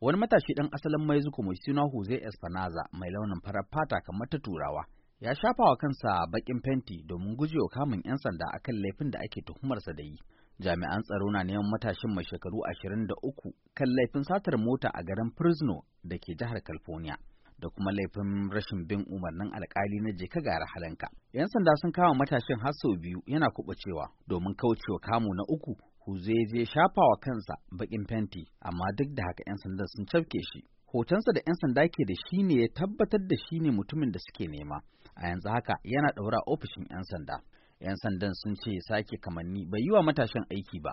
Wani matashi ɗan asalin Mexico mai suna Jose Espanaza mai launin farar fata kamar ta Turawa ya shafa wa kansa bakin fenti domin gujewa kamun 'yan sanda akan laifin da ake tuhumarsa da yi. Jami'an tsaro na neman matashin mai shekaru 23 kan laifin satar mota a garin Fresno da ke jihar California. da kuma laifin rashin bin umarnin alkali na jeka gara halanka. 'Yan sanda sun kama matashin har sau biyu yana kuɓacewa domin kaucewa kamu na uku Huze zai shafa wa kansa bakin fenti, amma duk da haka 'yan sandan sun cafke shi. Hotonsa da 'yan sanda ke da shi ne ya tabbatar da shi ne mutumin da suke nema, a yanzu haka yana ɗaura ofishin 'yan sanda. 'Yan sandan sun ce sake kamanni bai yi wa matashin aiki ba,